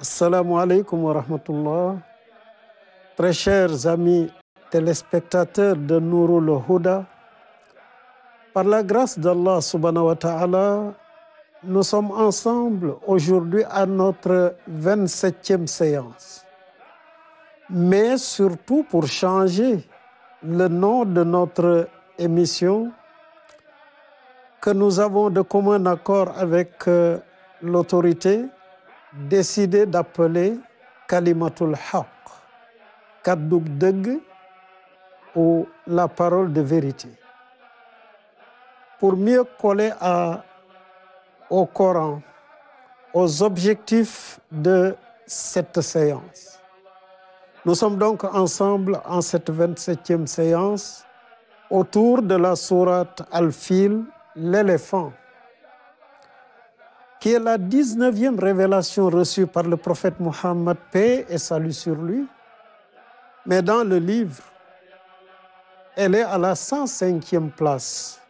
Assalamu alaikum wa rahmatullah. Très chers amis téléspectateurs de le Houda, par la grâce d'Allah subhanahu wa ta'ala, nous sommes ensemble aujourd'hui à notre 27e séance. Mais surtout pour changer le nom de notre émission que nous avons de commun accord avec euh, l'autorité décidé d'appeler Kalimatul Haq, Kadduk deg » ou la parole de vérité, pour mieux coller à, au Coran, aux objectifs de cette séance. Nous sommes donc ensemble en cette 27e séance autour de la sourate Al-Fil, l'éléphant qui est la 19e révélation reçue par le prophète Muhammad paix et salut sur lui. Mais dans le livre, elle est à la 105e place.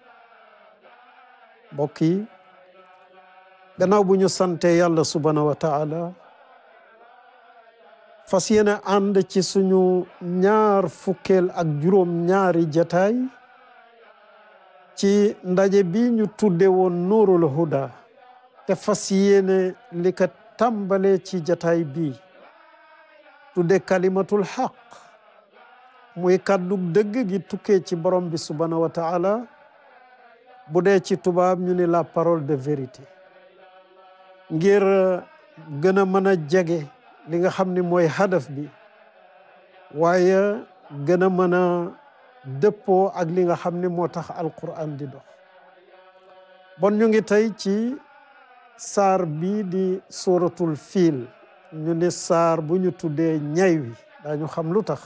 Boki, yi sante subhanahu wa taala Fasiena Ande, chisunyo nyar fukel ñaar nyari ak Chi ñaari ci ndaje huda te fas yéene li ko tàmbalee ci jataay bii tudde kalimatul xaq muy kàddu dëgg gi tukkee ci borom bi subhanahu wa taala bu dee ci tubaab ñu ne la parole de vérité ngir gën a mën a jege li nga xam ni mooy hadaf bi waaye gën a mën a dëppoo ak li nga xam ni moo tax alquran di dox bon ñu ngi tey saar bii di suratul fiil ñu ne saar bu ñu tuddee ñay wi daañu xam lu tax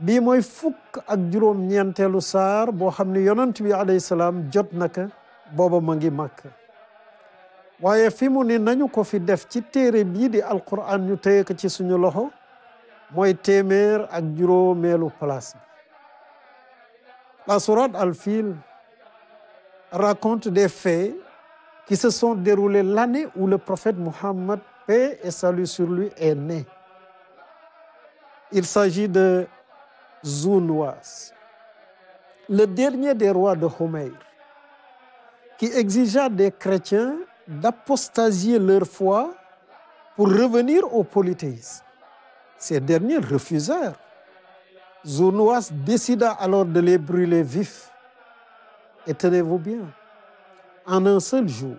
bii mooy fukk ak juróom ñeenteelu saar boo xam ne yonent bi alayhi salaam jot naka booba ma ngi màkk waaye fi mu ne nañu ko fi def ci téere bii di alquran ñu téye ko ci suñu loxo mooy téeméer ak juróomeelu place bi la sourate al fil raconte des faits qui se sont déroulées l'année où le prophète Mohammed, paix et salut sur lui, est né. Il s'agit de Zoulouas, le dernier des rois de Homer, qui exigea des chrétiens d'apostasier leur foi pour revenir au polythéisme. Ces derniers refusèrent. Zoulouas décida alors de les brûler vifs. Et tenez-vous bien, en un seul jour,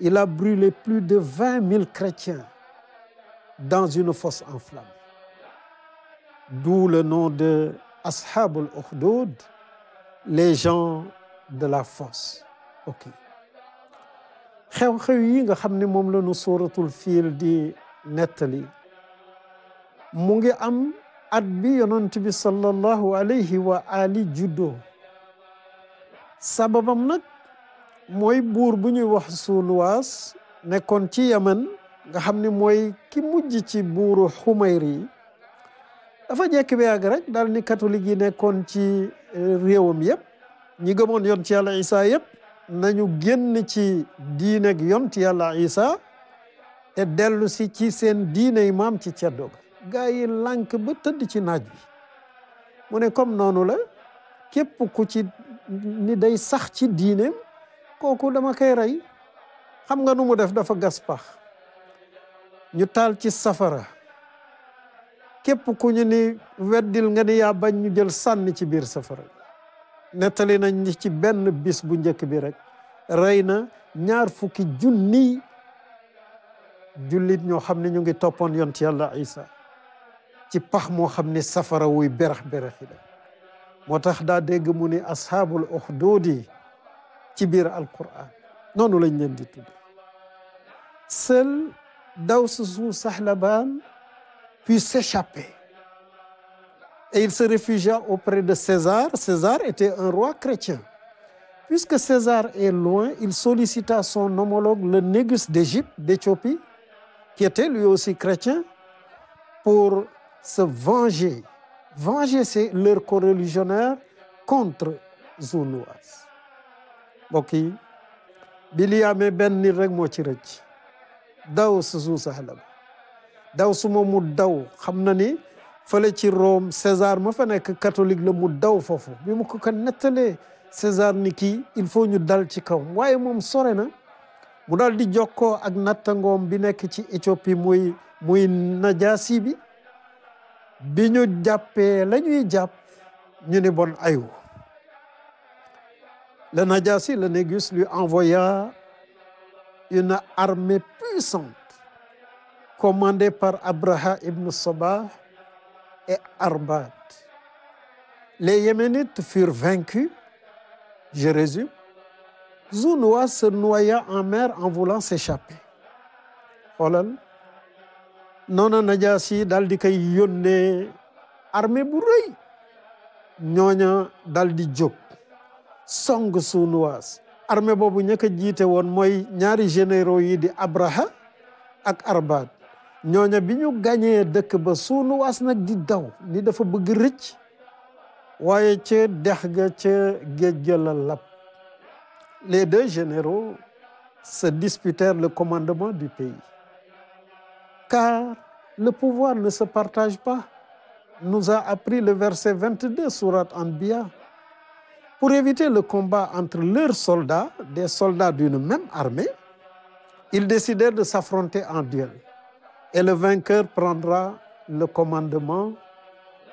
il a brûlé plus de 20 000 chrétiens dans une fosse en flamme. D'où le nom de Ashabul Ukhdud, les gens de la fosse. ok xew-xew yi nga xam ne moom la nu suuratul fiil di nettali mu ngi am at bi yonent bi sallallahu alayhi wa ali juddoo sababam nag mooy buur bu ñuy wax sunuwaas nekkoon ci yaman nga xam ni mooy ki mujj ci buuru xumayr dafa jekk bi yàgg rek daal ni catholique yi nekkoon ci eh, réewam yëpp ñi yoon yont yàlla isa yëpp nañu génn ci diineg ci yàlla isa te dellu si ci seen diiney maam ci ceddo gaa yi lànk ba tëdd ci naaj bi mu ne comme noonu la képp ku ci ni day sax ci diineem kooku dama koy rey xam nga nu mu def dafa gas pax ñu taal ci safara képp ku ñu ni weddil nga ni yaa bañ ñu jël sànni ci biir safara nettali nañ ni ci benn bis bu njëkk bi rekk rey na ñaar fukki junni jullit ñoo xam ne ñu ngi toppoon yont yàlla isa ci pax moo xam ni safara wuy berax beraxi la moo tax daa dégg mu ni ashaabul uxduudi ci biir seul Sahlaban puis s'échapper et il se réfugia auprès de César César était un roi chrétien puisque César est loin il sollicita son homologue le Négus d'Égypte d'Éthiopie qui était lui aussi chrétien pour se venger venger c'est leurs coreligionnaires contre Zuluas. mbokk yi bi lii amee benn nit rek moo ci rëcc daw su suuf daw su ma mu daw xam na ni fële ci Rome César ma fa nekk catholique la mu daw foofu bi mu ko ko nettalee César ni kii il faut ñu dal ci kaw waaye moom sore na mu daal di jokkoo ak nattangoom bi nekk ci Éthiopie muy muy Najaasi bi ñu jàppee lañuy ñuy jàpp ñu ni bon ayu Le Najassi, le Négus, lui envoya une armée puissante commandée par Abraha ibn Sabah et Arbat. Les Yémenites furent vaincus, je résume. Zounoua se noya en mer en voulant s'échapper. xoolal Nona Najasi, d'al di koy yónnee armée bu rëy di song suunuwaas armée bobu ña jité won moy ñaari généraux yi di Abraha ak Arbaad ñoña biñu gagné gañee dëkk ba suunuwaas nak di daw ni dafa bëgg rëcc waye ci dex ga ci géej la les deux généraux se disputèrent le commandement du pays car le pouvoir ne se partage pas nous a appris le verset 22 sourate Anbiya pour éviter le combat entre leurs soldats, des soldats d'une même armée, ils décidèrent de s'affronter en duel. Et le vainqueur prendra le commandement.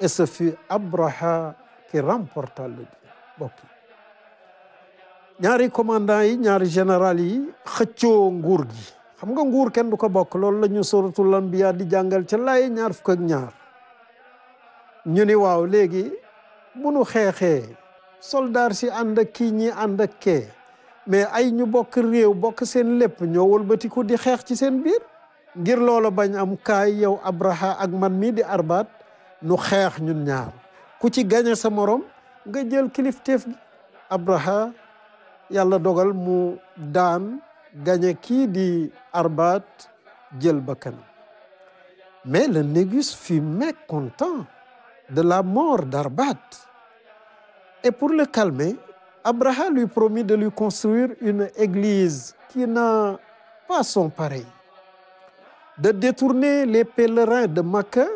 Et ce fut Abraha qui remporta le duel. bokk ñaari commandant yi ñaari général yi xëccoo nguur gi xam nga nguur kenn du ko bokk loolu la ñu suratul anbiya di jàngal ca laay ñaar fukk ak ñaar ñu ni waaw léegi bu nu xeexee soldaar si ànd ak kii ñi ànd kee mais ay ñu bokk réew bokk seen lépp ñoo wëlbatiku di xeex ci seen biir ngir loola bañ am kaay yow Abraha ak man mii di arbaat nu xeex ñu ñaar ku ci gaña sa morom nga jël kilifteef gi Abraha yàlla dogal mu daan gaña kii di arbaat jël bakkan mais le Négus fut mécontent de la mort d'Arbat Et pour le calmer, Abraham lui promit de lui construire une église qui n'a pas son pareil, de détourner les pèlerins de Makkah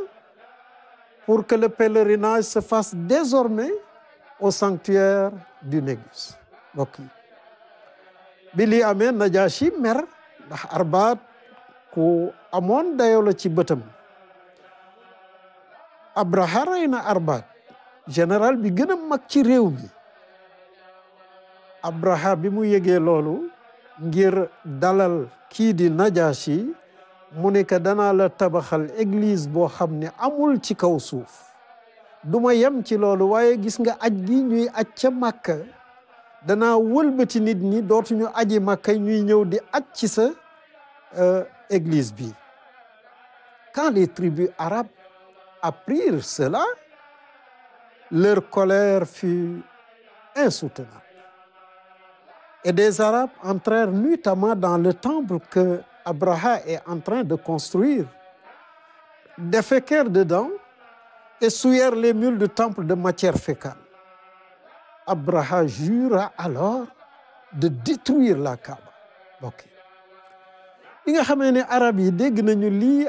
pour que le pèlerinage se fasse désormais au sanctuaire du Négus. général bi gën a mag ci réew mi Abraha bi mu yëgee loolu ngir dalal kii di Najashi mu ne que danaa la tabaxal église boo xam ne amul ci kaw suuf du ma yem ci loolu waaye gis nga aj gi ñuy aj ca Makka dana wëlbati nit ñi dootuñu aji Makka ñuy ñëw di aj ci sa euh, église bi quand les arab arabes apprirent Leur colère fut insoutenable. Et des Arabes entrèrent nuitamment dans le temple que Abraha est en train de construire, déféquèrent dedans et souillèrent les mules du temple de matière fécale. Abraha jura alors de détruire la Kaaba. ok Il nga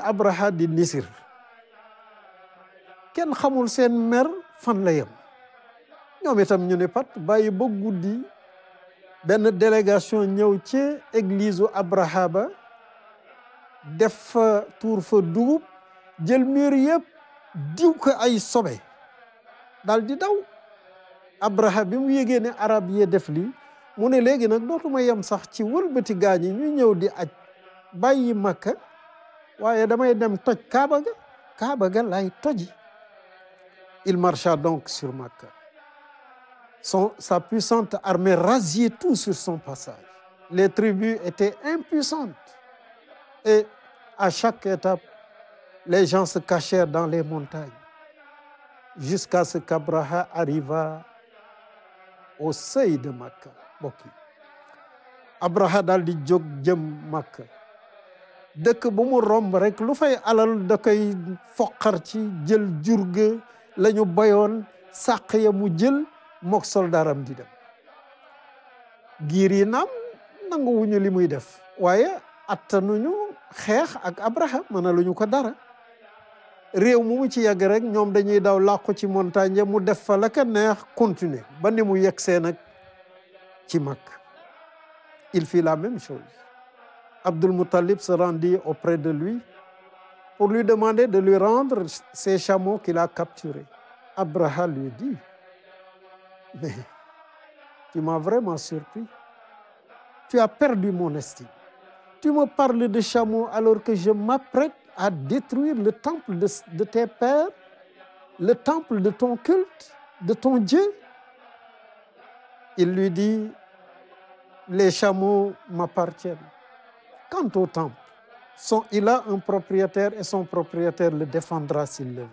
a Abraha nisir fan la yem ñoom itam ñu ne pat bàyyi ba guddi benn délégation ñëw ci église u Abrahaba def fa tuur fa dugub jël mur yëpp diw ko ay sobe daal di daw Abraha bi mu yégee ne arab yee def lii mu ne léegi nag dootuma yem sax ci wëlbati gaañi ñu ñëw di aj bàyyi makka waaye damay dem toj kaaba ga kaaba ga lay toji Il marcha donc sur Makka. sa puissante armée rasait tout sur son passage. Les tribus étaient impuissantes. Et à chaque étape, les gens se cachèrent dans les montagnes jusqu'à ce qu'Abraha arriva au seuil de Makka Abraha di jëm lañu bayoon sàq ya mu jël mook soldaaram di dem giir yi naam nanguwuñu li muy def waaye attanuñu xeex ak Abraham lu ñu ko dara réew mu mu ci yàgg rek ñoom dañuy daw làqu ci montagne mu def fa la ka neex continuer ba ni mu yegsee nag ci mag il fit la même chose Abdul Muttalib se rendit auprès de lui pour lui demander de lui rendre ses chameaux qu'il a capturés. Abraham lui dit, mais tu m'as vraiment surpris. Tu as perdu mon estime. Tu me parles de chameaux alors que je m'apprête à détruire le temple de tes pères, le temple de ton culte, de ton Dieu. Il lui dit, les chameaux m'appartiennent. Quant au temple, son, il a un propriétaire et son propriétaire le défendra s'il le veut.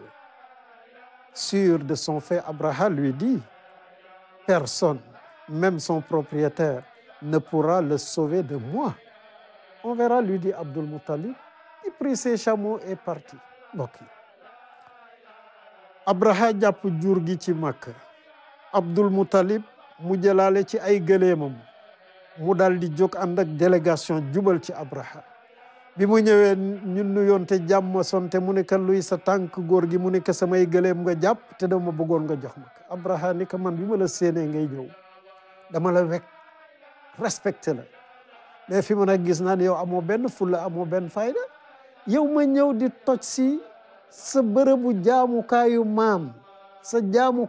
Sûr de son fait, Abraham lui dit, personne, même son propriétaire, ne pourra le sauver de moi. On verra, lui dit Abdul Muttalib. Il prit ses chameaux et partit. bokki Abraham Diap jur Abdul Mutalib mu jëlaale ci ay gëleemam mu dal Abraham bi mu ñëwé ñun nu yonté jamm sonté mu ne ka luy sa tank goor gi mu ne ka samay gëlem nga japp té dama bëggoon nga jox ma Abraha ni ka man bima la séné ngay ñëw dama la wék respecté la mais fi mu nak gis naan yow amo benn fulla amo benn fayda yow ma ñëw di toj ci sa jaamu kayu maam sa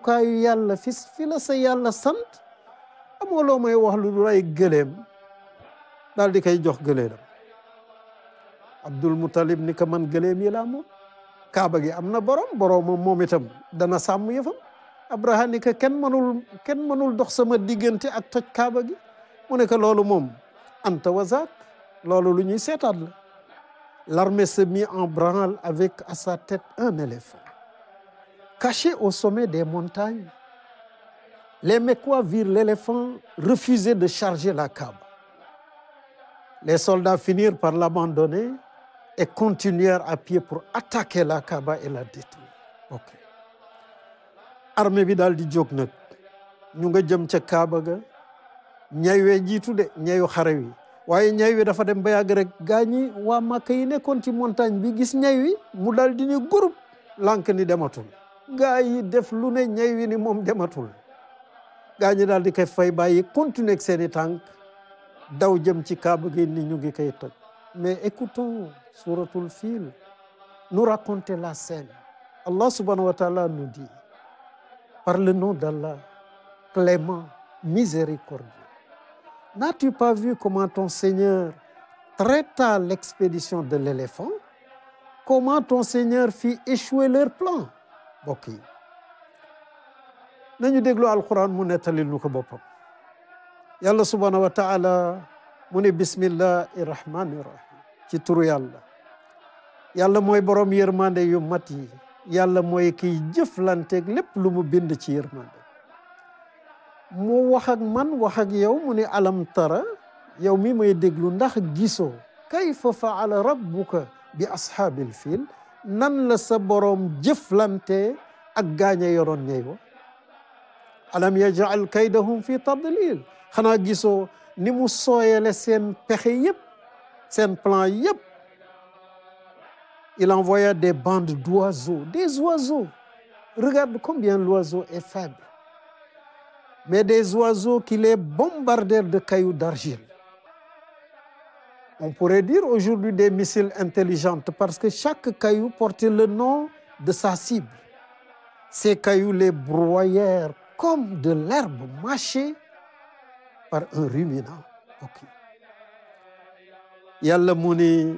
kayu yalla fi fi la sa yalla sant amo lo may wax lu ray gëlem dal di kay jox gëlem abdul Muttalib ni ko man gëleem yi kaaba gi amna na borom momitam dana sam yefam abraha ni ko ken manul dox sama diggante ak toj kaaba gi mu ka ko mom anta wazak loolu luñuy sétat la l'armée se mit en branle avec à sa tête un éléphant caché au sommet des montagnes les Mecquois virent l'éléphant refuser de charger la Kaaba les soldats finirent par l'abandonner et continuèrent à pied pour attaquer la Kaaba et la détruire ok bi daal di jóg nag ñu nga jëm ca Kaaba ga ñay wee jiitu de ñayu xare wi waaye ñay wi dafa dem ba yàgg gaañi waa Màkka yi nekkoon ci montagne bi gis ñay wi mu daal di ni groupe lànk ni dematul gaa yi def lu ne ñay wi moom dematul gaa daal di koy fay bàyyi continuer seeni tànk daw jëm ci Kaaba gi ni ñu ngi kayit toj mais écoutons Suratul Fil, nous raconter la scène. Allah subhanahu wa ta'ala nous dit, par le nom d'Allah, clément, miséricordieux, n'as-tu pas vu comment ton Seigneur traita l'expédition de l'éléphant Comment ton Seigneur fit échouer leur plan mbokk yi nañu al-qur'an mu nettalil le ko Et Allah subhanahu wa ta'ala Bismillah et Rahman ci turu yàlla yàlla moy borom yërmande yu mat yi yàlla ki jëflante ak lépp lu mu bind ci yërmande mu wax ak man wax ak yow mu ne alam tara yow mi may déglu ndax giso kayfa faala rabbuka bi ashabil fil nan la sa borom jëflante ak gaña yoron ñey wa alam yajal kaydahum fi tadlil xana giso ni mu soyele sen pexe yépp C'est un plan Yep. il envoya des bandes d'oiseaux des oiseaux regarde combien l'oiseau est faible mais des oiseaux qui les bombardèrent de cailloux d'argile on pourrait dire aujourd'hui des missiles intelligents parce que chaque caillou portait le nom de sa cible ces cailloux les broyèrent comme de l'herbe mâchée par un ruminant yàlla mu ni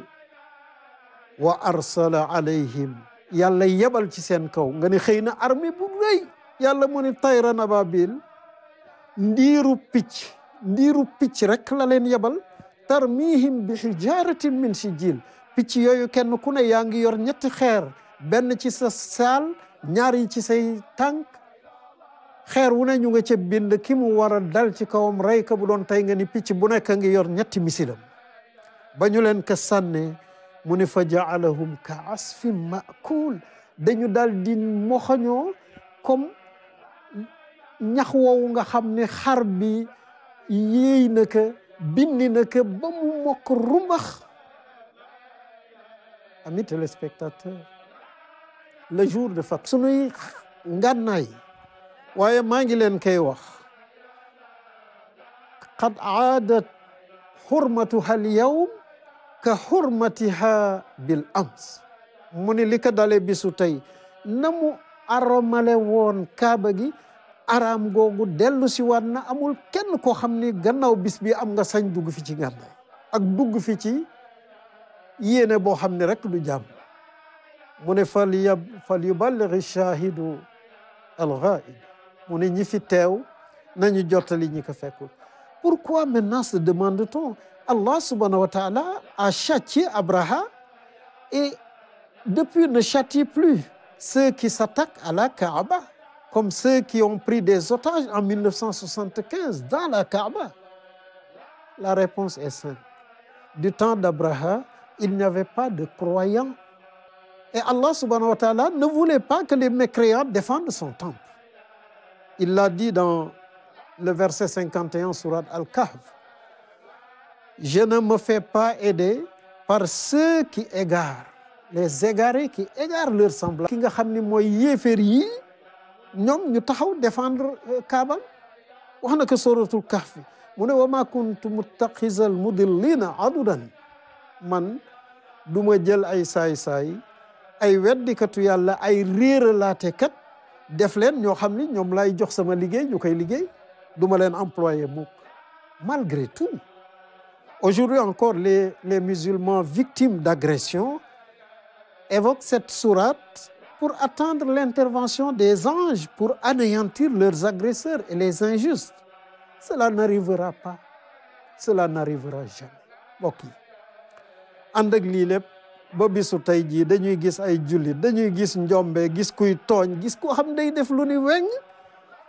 wa arsala alayhim yàlla yebal ci seen kaw nga ne xëy na armée bu rëy yàlla mu ni tayran ababil ndiiru picc ndiiru picc rekk laleen leen yebal tarmihim bi hijaratin min sijil picc yooyu kenn ku ne yaa ngi yor ñetti xeer benn ci sa saal ñaari ci say tànk xeer wu ne ñu nga ca bind ki mu war dal ci kawam rey ka bu doon tey nga ni picc bu nekk a ngi yor ñetti misilam ba ñu leen ko sànnee mu ne fa jaalahum ka asfin maakul dañu dal di moxoñoo comme ñax woowu nga xam ne xar bi yéey na ko bindi na ko ba mu mokk rumax amis téléspectateurs le jour de Pâques sunuy ngànnaay waaye maa ngi leen koy wax qad aadat xurmatuha al yawm ka xurmatiha bil ams mu ni li ko dale bisu tey na mu aromale woon kaaba gi araam googu dellu si waat na amul kenn koo xam ni gannaaw bis bi am nga sañ dugg fi ci gànnaay ak dugg fi ci yéene boo xam ne rek du jàmm mu ne fal yab fal yuballigh shahidu al-ghaib mu ne ñi fi teew nañu jottali ñi ko fekkul pourquoi maintenant se demande t Allah subhanahu wa ta'ala a châtié Abraham et depuis ne châtie plus ceux qui s'attaquent à la Kaaba, comme ceux qui ont pris des otages en 1975 dans la Kaaba. La réponse est simple. Du temps d'Abraham, il n'y avait pas de croyants. Et Allah subhanahu wa ta'ala ne voulait pas que les mécréants défendent son temple. Il l'a dit dans le verset 51 surat Al-Kahf. Je ne ma fais pas aider par ceux qui égarent les égarés qui égarent leur semblable ki nga xam ni mooy yéeféer yi ñoom ñu taxaw défendre euh, kaabam wax na ko suratul kahf mu ne wa ma kuntu muttaxisal mudillina adudan man du ma jël ay saay-saay ay weddikatu yàlla ay réeralaate kat def leen ñoo xam ni ñoom lay jox sama liggéey ñu koy liggéey du ma leen employé mukk malgré tout Aujourd'hui encore, les, musulmans victimes d'agressions évoquent cette sourate pour attendre l'intervention des anges pour anéantir leurs agresseurs et les injustes. Cela n'arrivera pas. Cela n'arrivera jamais.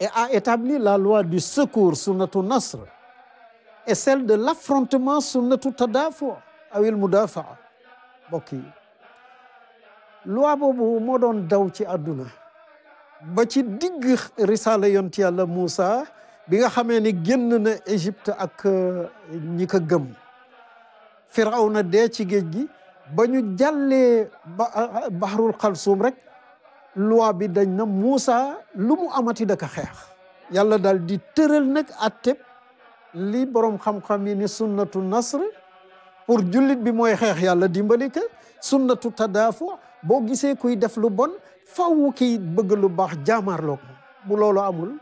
et a établi la loi du secours sunnatu nasr et celle de l'affrontement sunnatu tadafu awil mudafaa mbokk yi loi boobu moo doon daw ci àdduna ba ci digg risaala yonti yàlla Moussa bi nga xamee ni génn na Égypte ak euh, ñi ko gëm Firawna dee ci géej gi ba ñu jàllee euh, Bahrul Kalsum rek loi bi dañ na Moussa lu mu amati daka xeex yàlla dal di tëral nag atteb li borom xam-xam yi ni sunnatu nasr pour jullit bi mooy xeex yàlla dimbali ka sunnatu tadaafu boo gisee kuy def lu bon faw ki bëgg lu baax jaamaarloog bu loolu amul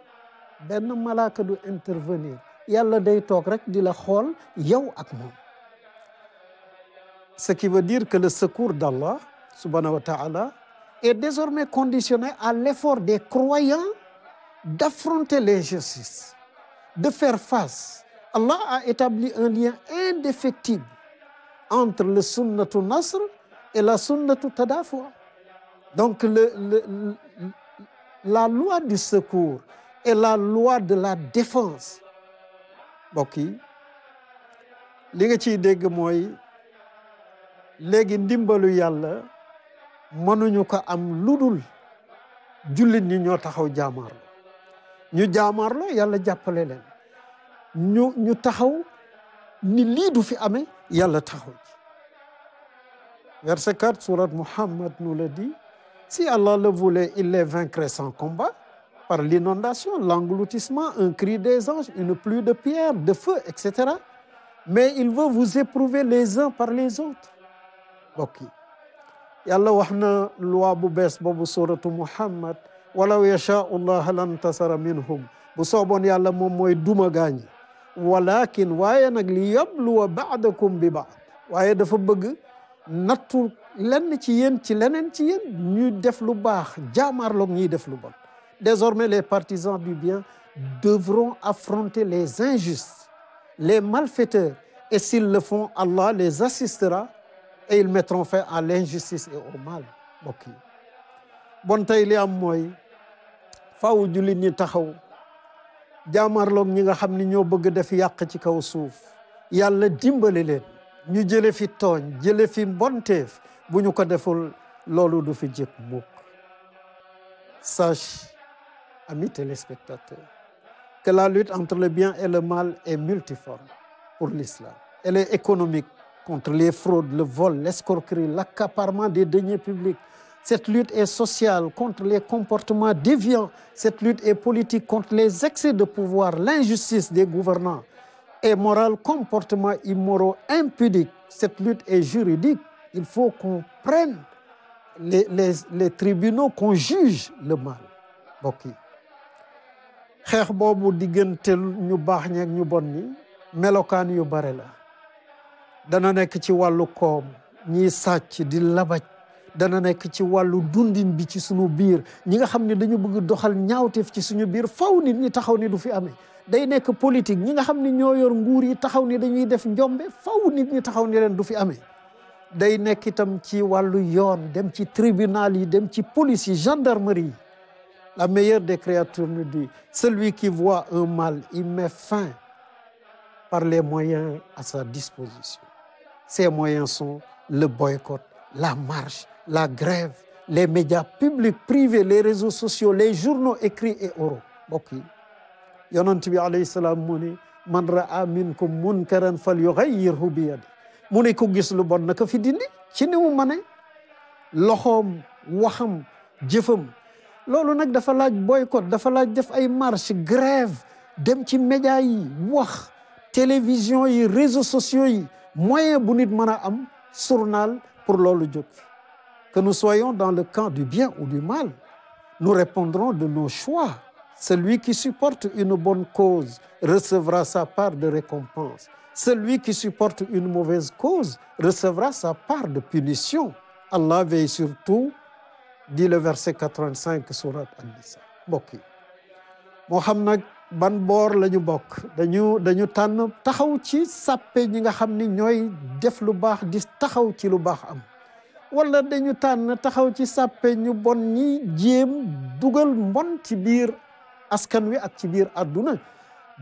benn malaaka du intervenir yàlla day toog rek di la xool yow ak moom ce qui veut dire que le secours wa ta'ala est désormais conditionné à l'effort des croyants d'affronter l'injustice, de faire face. Allah a établi un lien indéfectible entre le sunnatu nasr et la sunnatu tadafwa. Donc la loi du secours et la loi de la défense Boki, mënuñu ko am ludul jullit ñi ñoo taxaw jaamaarlo ñu jaamaarlo yàlla jàppale leen ñu ñu taxaw ni verset 4 surat Muhammad nous le dit si Allah le voulait il les vaincrait sans combat par l'inondation l'engloutissement un cri des anges une pluie de pierres de feu etc mais il veut vous éprouver les uns par les autres يلا وحنا لوابو بس بابو سورة محمد ولو يشاء الله لانتصر منهم بصوبون يلا موموي دوما غاني ولكن وايا نغلي يبلو بعدكم ببعض وايا دفا بغ لن تي تي لن تي ني ديف باخ جامار لو ني ديف لو بون désormais les partisans du bien devront affronter les injustes les malfaiteurs et s'ils le font Allah les assistera et ils mettront fin à l'injustice et au mal mbokk yi bon tey li am mooy faaw jullit ñi taxaw jaamarloog ñi nga xam ni ñoo bëgg def yàq ci kaw souf. Yalla dimbali leen ñu jële fi tooñ jële fi mbonteef bu ko deful du fi jëkk mukk sache amis téléspectateurs que la lutte entre le bien et le mal est multiforme pour l'islam elle est économique contre les fraudes, le vol, l'escroquerie, l'accaparement des deniers publics. Cette lutte est sociale contre les comportements déviants. Cette lutte est politique contre les excès de pouvoir, l'injustice des gouvernants et morale, comportement immoraux, impudique. Cette lutte est juridique. Il faut qu'on prenne les, tribunaux, qu'on juge le mal dana nekk ci wàllu koom ñiy sàcc di labaj dana nekk ci wàllu dundin bi ci suñu biir ñi nga xam ne dañu bëgg doxal ñaawteef ci suñu biir faw nit ñi taxaw ni du fi amee day nekk politique ñi nga xam ne yor nguur yi taxaw ni dañuy def njombe faw nit ñi taxaw ni leen du fi amee day nekk itam ci wàllu yoon dem ci tribunal yi dem ci police yi gendarmerie la meilleure des créatures nous dit celui qui voit un mal il met fin par les moyens à sa disposition ces moyens sont le boycott, la marche, la grève, les médias publics, privés, les réseaux sociaux, les journaux écrits et oraux Ok. Yonantibi bi alayhi salam, mu man raa minkum munkaran fal yughayyirhu bi yadi mu gis lu bon na fi dindi ci ni mané. waham, dafa boycott dafa laj def ay marche grève dem ci médias yi télévision et réseaux sociaux moyen bu nit pour lolu que nous soyons dans le camp du bien ou du mal nous répondrons de nos choix celui qui supporte une bonne cause recevra sa part de récompense celui qui supporte une mauvaise cause recevra sa part de punition Allah veille sur tout dit le verset 85 surat An-Nisa ban boor lañu bokk dañu dañu tànn taxaw ci sàppe ñi nga xam ni ñooy def lu baax di taxaw ci lu baax am wala dañu tànn taxaw ci sàppe ñu bon ñi jéem dugal mbon ci biir askan wi ak ci biir àdduna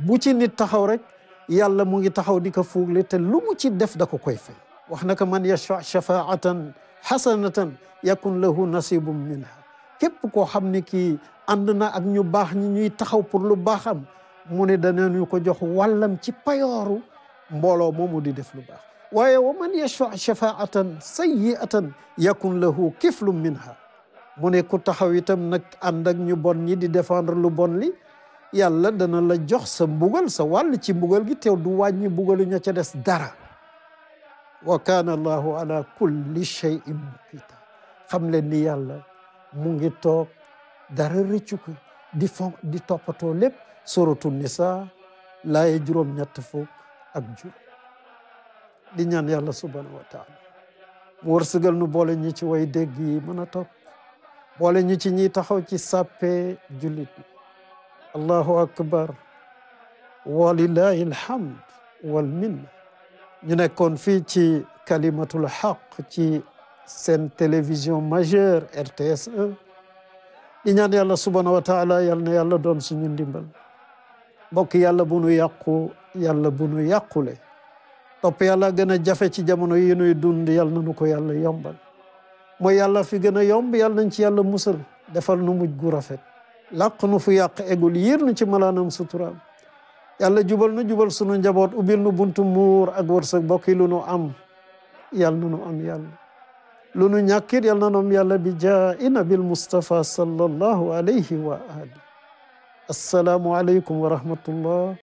bu ci nit taxaw rek yàlla mu ngi taxaw di ko fuugle te lu mu ci def da koy fay wax na man yashfa shafaatan xasanatan yakun lahu nasibum minha képp koo xam ni kii Anda na ak ñu bax ñi ñuy taxaw pour lu baxam mu ne ñu ko jox walam ci payoru mbolo momu di def lu bax waye wa man yashfa shafaatan sayyi'atan yakun lahu kiflum minha mu ne ku taxaw itam nak and ak ñu bon ñi di défendre lu bon li yalla dana la jox sa mbugal sa wal ci mbugal gi tew du mbugal ñu ca dess dara wa kana allahu ala kulli shay'in qita xam leen ni yalla mu ngi tok dara rëccu ko di fon di toppatoo lépp suratu nisa laaye juróom ñett fukk ak jur di ñaan yàlla subhanahu wa taala mu wërsëgal nu boole ñi ci way dégg yi mën a topp boole ñi ci ñiy taxaw ci sàppe jullit allahu akbar walilahi alhamd wal minna ñu nekkoon fii ci kalimatul xaq ci seen télévision majeure RTS 1 di ñaan yàlla subhaanahu wa taala yàlla na yàlla doon suñu ndimbal yàlla bu nu yàqu yàlla bu nu yàqule topp yàlla gën a jafe ci jamono yi nuy dund yàlla na nu ko yàlla yombal mooy yàlla fi gën a yomb yàlla nañ ci yàlla musal defal nu mujj gu rafet laq nu fu yàq egul yiir nu ci malaanam suturaam yàlla jubal nu jubal sunu njaboot ubbil nu buntu muur ak wërsëg bokki lu nu am yàlla nu am yàlla لونو نياكير يالنا نوم يالا بجائنا بالمصطفى صلى الله عليه وآله السلام عليكم ورحمة الله